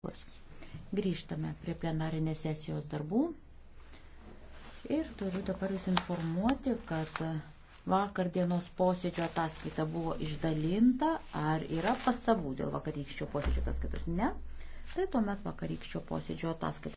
darbus. Grįžtame prie plenarinės sesijos darbų. Ir turiu dabar Jūs informuoti, kad vakar dienos posėdžio ataskaita buvo išdalinta. Ar yra pastabų dėl vakarykščio posėdžio ataskaitos? Ne. Tai tuomet vakarykščio posėdžio ataskaita.